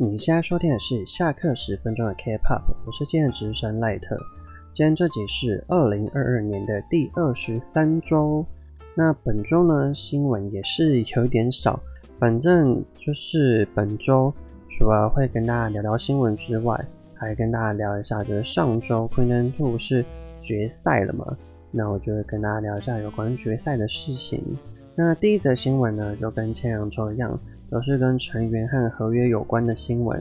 你現在收聽的是下課十分鐘的 K Pop，我是今日之聲賴特。今天這集是二零二二年的第二十三週，那本週呢，新聞也是有點少，反正就是本週除了會跟大家聊聊新聞之外，還跟大家聊一下就是上週 Queendom 2是決賽了嘛，那我就會跟大家聊一下有關決賽的事情。那第一則新聞呢，就跟前兩週一樣，都是跟成員和合約有關的新聞。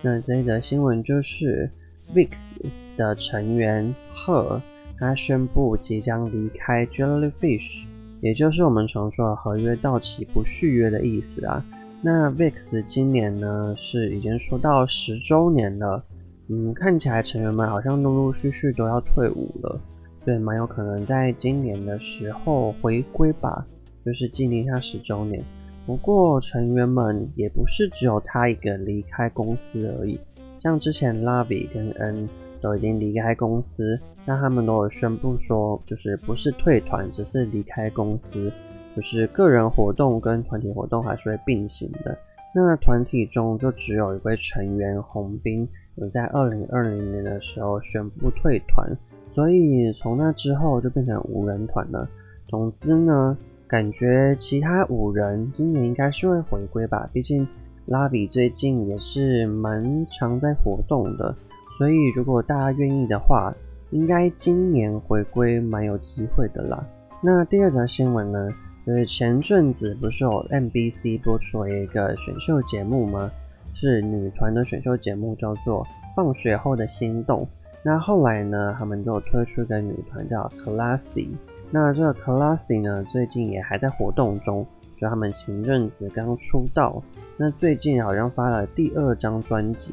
那這一則新聞就是 VIXX 的成員 Hyuk，他宣布即將離開 Jellyfish，也就是我們常說的合約到期不續約的意思啊。那 VIXX 今年呢是已經出道十週年了，嗯，看起來成員們好像陸陸續續都要退伍了，對，蠻有可能在今年的時候回歸吧。就是紀念他十週年。不過成員們也不是只有他一個離開公司而已，像之前 Lavi 跟 N 都已經離開公司，那他們都有宣布說，就是不是退團，只是離開公司，就是個人活動跟團體活動還是會並行的。那團體中就只有一位成員洪彬有在二零二零年的時候宣布退團，所以從那之後就變成五人團了。總之呢。感覺其他五人今年應該是會回歸吧，畢竟拉比最近也是蠻常在活動的，所以如果大家願意的話，應該今年回歸蠻有機會的啦。那第二條新聞呢？就是前陣子不是有 MBC 播出了一個選秀節目嗎？是女團的選秀節目，叫做《放學後的心動》。那後來呢，他們就推出一個女團叫 CLASS:y。那這個 CLASS:y 呢，最近也還在活動中，就他們前陣子剛出道，那最近好像發了第二張專輯，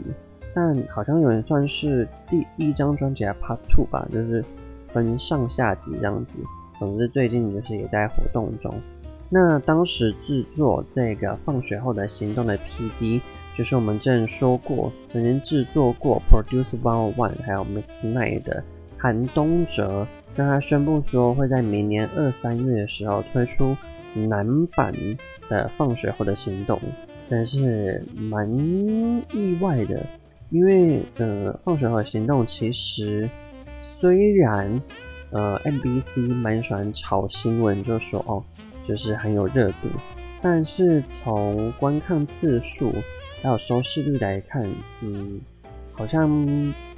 但好像有人算是第一張專輯的 Part Two 吧，就是分上下集這樣子。總之最近就是也在活動中。那當時制作這個放學後的心動的 PD，就是我們之前說過曾經制作過 Produce 101還有 Mix Nine 的韓東哲。那他宣布說會在明年二三月的時候推出男版的，放的，的、呃《放學後的心動》，但是蠻意外的。因為呃，《放學後的心動》其實雖然呃，MBC 蠻喜歡炒新聞，就說哦，就是很有熱度，但是從觀看次數還有收視率來看，嗯，好像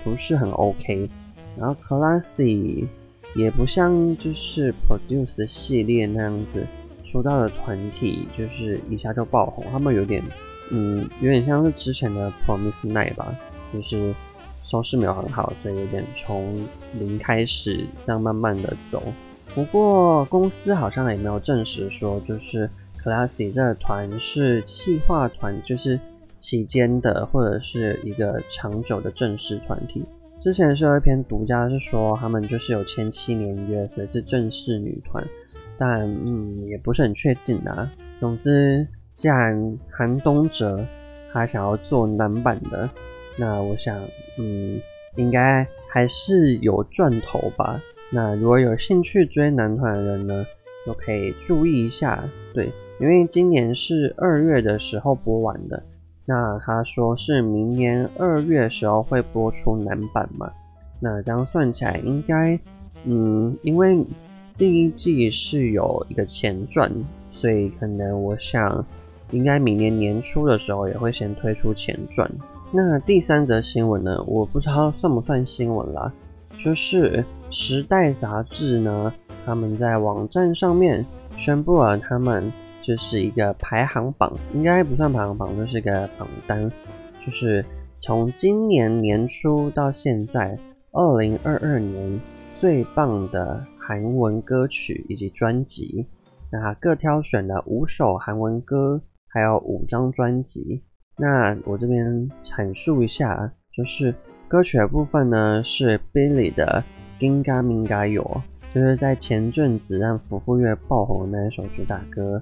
不是很 OK。然後 CLASS:y。也不像就是 Produce 系列那樣子，出道的團體就是一下就爆紅，他們有點，嗯，有點像是之前的 Promise Night 吧，就是收視沒有很好，所以有點從零開始這樣慢慢的走。不過公司好像也沒有證實說，就是 CLASS:y 這個團是企劃團，就是期間的或者是一個長久的正式團體。之前是有一篇獨家，是說他們就是有簽七年約，所以是正式女團，但嗯也不是很確定啊，總之，既然韓東哲他想要做男版的，那我想嗯應該還是有賺頭吧。那如果有興趣追男團的人呢，就可以注意一下，對，因為今年是二月的時候播完的。那他說是明年二月時候會播出男版嘛？那這樣算起來，應該，嗯，因為第一季是有一個前傳，所以可能我想，應該明年年初的時候也會先推出前傳。那第三則新聞呢？我不知道算不算新聞啦，就是《時代》雜誌呢，他們在網站上面宣布了他們。就是一個排行榜，應該不算排行榜，就是一個榜單，就是從今年年初到現在，二零二二年最棒的韓文歌曲以及專輯，那各挑選了五首韓文歌，還有五張專輯。那我這邊闡述一下，就是歌曲的部分呢是 Billy 的《Ginga Minga Yo》，就是在前陣子讓福布樂爆紅的那一首主打歌。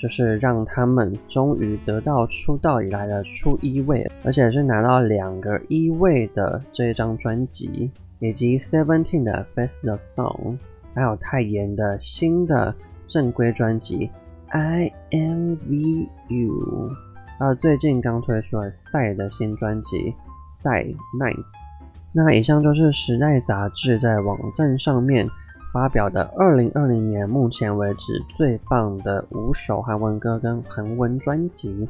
就是讓他們終於得到出道以來的初一位，而且是拿到兩個一位的這一張專輯，以及 Seventeen 的《Face the Sun》，還有泰妍的新的正規專輯《INVU》，還有最近剛推出了 SE 的新專輯《SE 9th》，那以上就是《時代》雜誌在網站上面。發表的二零二二年，目前為止最棒的五首韓文歌跟韓文專輯。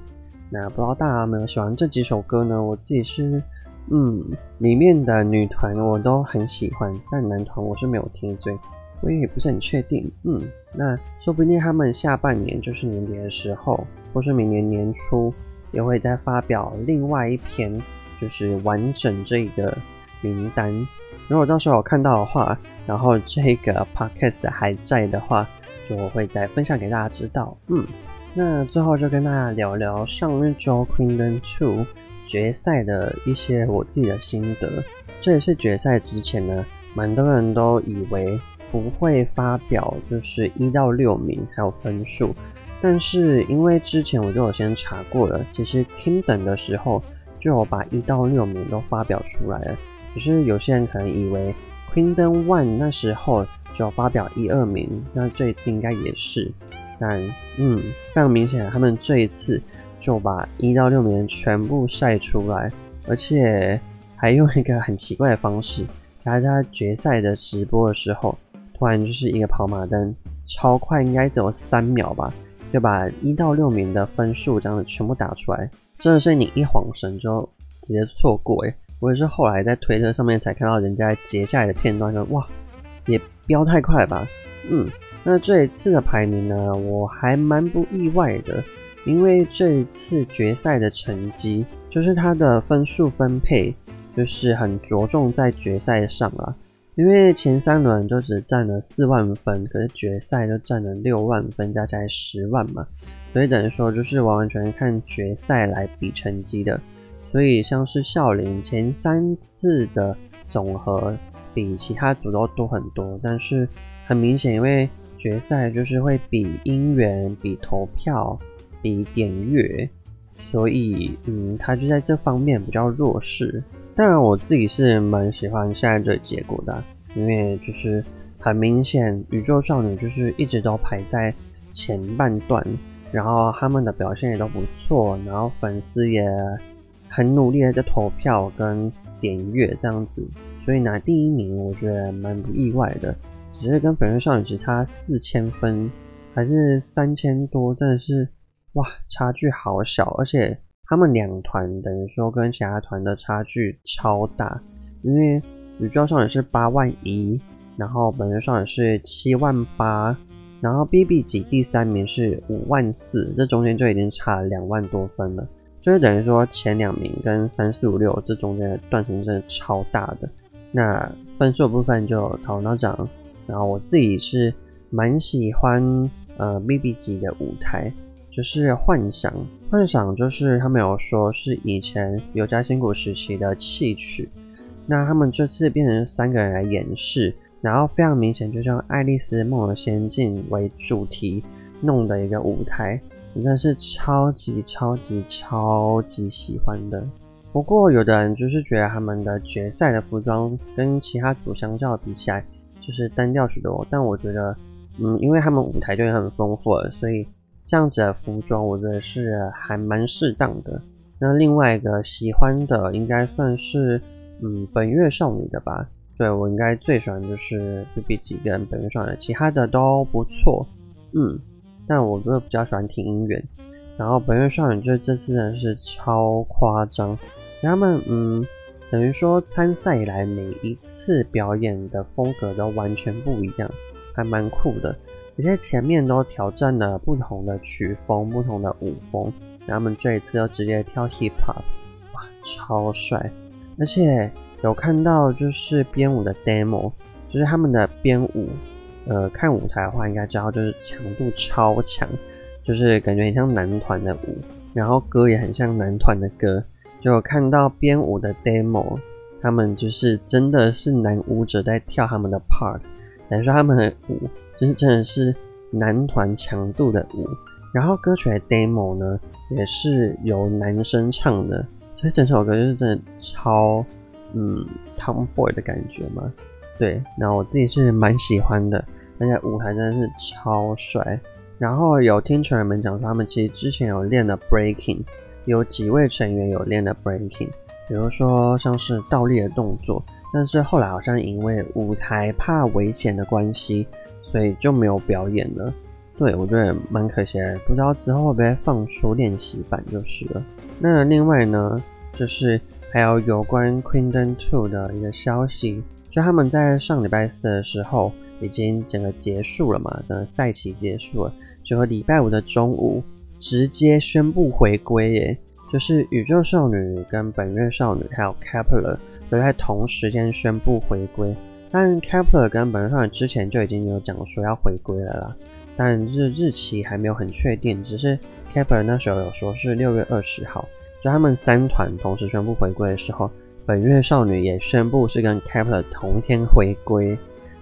那不知道大家有沒有喜歡這幾首歌呢？我自己是，嗯，裡面的女團我都很喜歡，但男團我是沒有聽最，所以我也不是很確定。嗯，那說不定他們下半年就是年底的時候，或是明年年初，也會再發表另外一篇，就是完整這個名單。如果到時候看到的話，然後這個 podcast 還在的話，就我會再分享給大家知道。嗯，那最後就跟大家聊聊上一週 Queendom2 決賽的一些我自己的心得。這也是決賽之前呢，蠻多人都以為不會發表，就是一到六名還有分數。但是因為之前我就有先查過了，其實 Queendom 的時候就有把一到六名都發表出來了。可是有些人可能以為《Queen》登 o n 那時候就發表一、二名，那這一次應該也是。但嗯，非常明顯，他們這一次就把一到六名全部曬出來，而且還用一個很奇怪的方式。大家決賽的直播的時候，突然就是一個跑馬燈，超快，應該只有三秒吧，就把一到六名的分數這樣子全部打出來，真的是你一晃神就直接錯過哎。我也是後來在推特上面才看到人家截下來的片段，說哇，也飆太快了吧。嗯，那這一次的排名呢，我還蠻不意外的，因為這一次決賽的成績，就是它的分數分配就是很着重在決賽上啊。因為前三輪都只佔了四萬分，可是決賽都佔了六萬分，加起來十萬嘛，所以等於說就是完完全全看決賽來比成績的。所以像是孝琳前三次的總和比其他組都多很多，但是很明顯，因為決賽就是會比音源、比投票、比點閱，所以嗯，他就在這方面比較弱勢。當然，我自己是蠻喜歡現在這結果的，因為就是很明顯，宇宙少女就是一直都排在前半段，然後他們的表現也都不錯，然後粉絲也。很努力的在投票跟點閱這樣子，所以拿第一名我覺得蠻不意外的，只是跟本月少女只差四千分，還是三千多，真的是哇，差距好小，而且他們兩團等於說跟其他團的差距超大，因為宇宙少女是八萬一，然後本月少女是七萬八，然後 BB 級第三名是五萬四，這中間就已經差了兩萬多分了。所以等於說，前兩名跟三四五六這中間的斷層真的超大的。那分數部分就討論到這。然後我自己是蠻喜歡呃 B B 級的舞台，就是幻想，幻想就是他們有說是以前有嘉欣古時期的戲曲，那他們這次變成三個人來演示，然後非常明顯，就像《愛麗絲夢遊的仙境》為主題弄的一個舞台。真的是超級超級超級喜歡的，不過有的人就是覺得他們的決賽的服裝跟其他組相較比起來就是單調許多。但我覺得，嗯，因為他們舞台就很豐富，所以這樣子的服裝我覺得是還蠻適當的。那另外一個喜歡的應該算是嗯本月少女的吧？對，我應該最喜歡就是 BBG 跟本月少女，其他的都不錯。嗯。但我都比較喜歡聽音樂。然後《本月少女》就是這次呢是超誇張，他們嗯，等於說參賽以來每一次表演的風格都完全不一樣，還蠻酷的。而且前面都挑戰了不同的曲風、不同的舞風，然後他們這一次又直接跳 hip hop，哇，超帥！而且有看到就是編舞的 demo，就是他們的編舞。呃，看舞台的話，應該知道就是強度超強，就是感覺很像男團的舞，然後歌也很像男團的歌。就看到編舞的 demo，他們就是真的是男舞者在跳他們的 part，等於說他們的舞就是真的是男團強度的舞。然後歌曲的 demo 呢，也是由男生唱的，所以整首歌就是真的超嗯，Tomboy 的感覺嘛。對，然後我自己是蠻喜歡的，而且舞台真的是超帥。然後有聽成員們講說，他們其實之前有練了 breaking，有幾位成員有練了 breaking，比如說像是倒立的動作。但是後來好像因為舞台怕危險的關係，所以就沒有表演了。對，我覺得蠻可惜的。不知道之後會不會放出練習版就是了。那另外呢，就是還有有關 Queendom2 的一個消息。就他們在上禮拜四的時候已經整個結束了嘛，整個賽期結束了，就和禮拜五的中午直接宣布回歸耶！就是宇宙少女、跟本月少女還有 Kep1er 都在同時間宣布回歸。但 Kep1er 跟本月少女之前就已經有講說要回歸了啦，但日日期還沒有很確定，只是 Kep1er 那時候有說是六月二十號。就他們三團同時宣布回歸的時候。本月少女也宣布是跟 Kep1er 同天回歸，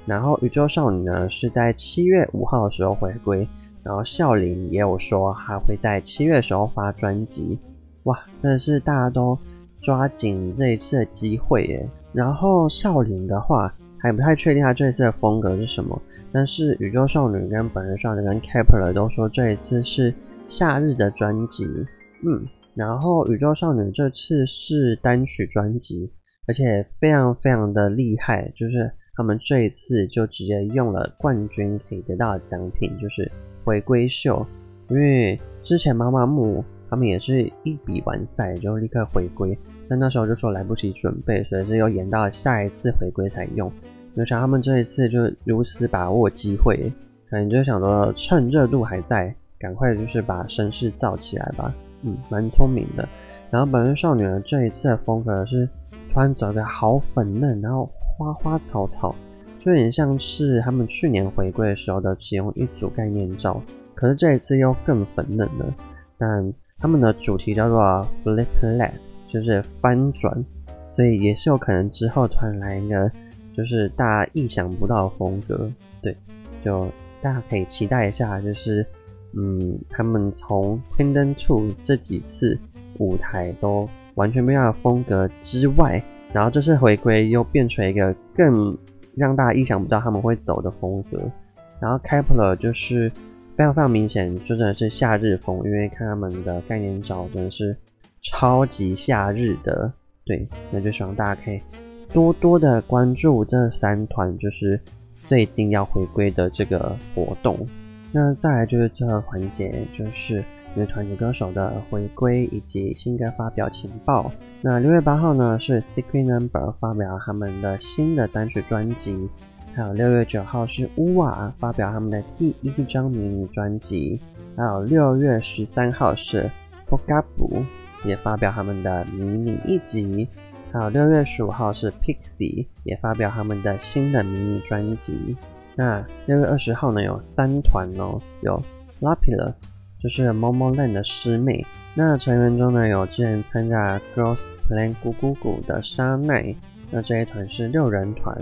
然後宇宙少女呢是在七月五號的時候回歸，然後孝琳也有說她會在七月的時候發專輯，哇，真的是大家都抓緊這一次的機會耶。然後孝琳的話還不太確定她這一次的風格是什麼，但是宇宙少女跟本月少女跟 Kep1er 都說這一次是夏日的專輯，嗯。然後宇宙少女這次是單曲專輯，而且非常非常的厲害，就是他們這一次就直接用了冠軍可以得到的獎品，就是回歸秀。因為之前媽媽木他們也是一比完賽就立刻回歸，但那時候就說來不及準備，所以是又延到了下一次回歸才用。而且他們這一次就如此把握機會，可能就想說趁熱度還在，趕快就是把聲勢造起來吧。嗯，蠻聰明的。然後，本月少女呢，這一次的風格是突然着的好粉嫩，然後花花草草，就有點像是他們去年回歸的時候的其中一組概念照。可是這一次又更粉嫩了。但他們的主題叫做 Flip That，就是翻轉，所以也是有可能之後突然來一個就是大家意想不到的風格。對，就大家可以期待一下，就是。嗯，他們從《Queendom 2》這幾次舞台都完全不一樣的風格之外，然後這次回歸又變成一個更讓大家意想不到他們會走的風格。然後《Kep1er》就是非常非常明顯，就真的是夏日風，因為看他們的概念照真的是超級夏日的。對，那就希望大家可以多多的關注這三團，就是最近要回歸的這個活動。那再來就是這個環節，就是女團女歌手的回歸以及新歌發表情報。那六月八號呢是 Secret Number 發表了他們的新的單曲專輯，還有六月九號是 UWA 發表他們的第一張迷你專輯，還有六月十三號是 BugAboo 也發表他們的迷你一輯，還有六月十五號是 Pixie 也發表他們的新的迷你專輯。那六月二十號呢？有三團哦，有 Lapillus，就是 MomoLand 的師妹。那成員中呢，有之前參加 Girls Planet 姑姑姑的沙奈。那這一團是六人團。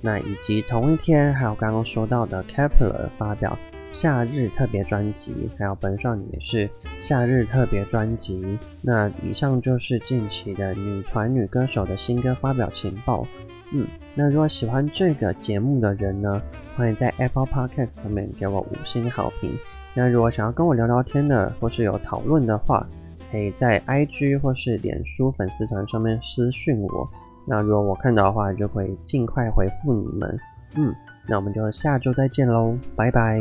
那以及同一天，還有剛剛說到的 Kep1er 發表夏日特別專輯，還有本上也是夏日特別專輯。那以上就是近期的女團女歌手的新歌發表情報。嗯，那如果喜歡這個節目的人呢，歡迎在 Apple Podcast 上面給我五星好評。那如果想要跟我聊聊天的，或是有討論的話，可以在 IG 或是臉書粉絲團上面私訊我。那如果我看到的話，就會儘快回復你們。嗯，那我們就下週再見嘍，拜拜。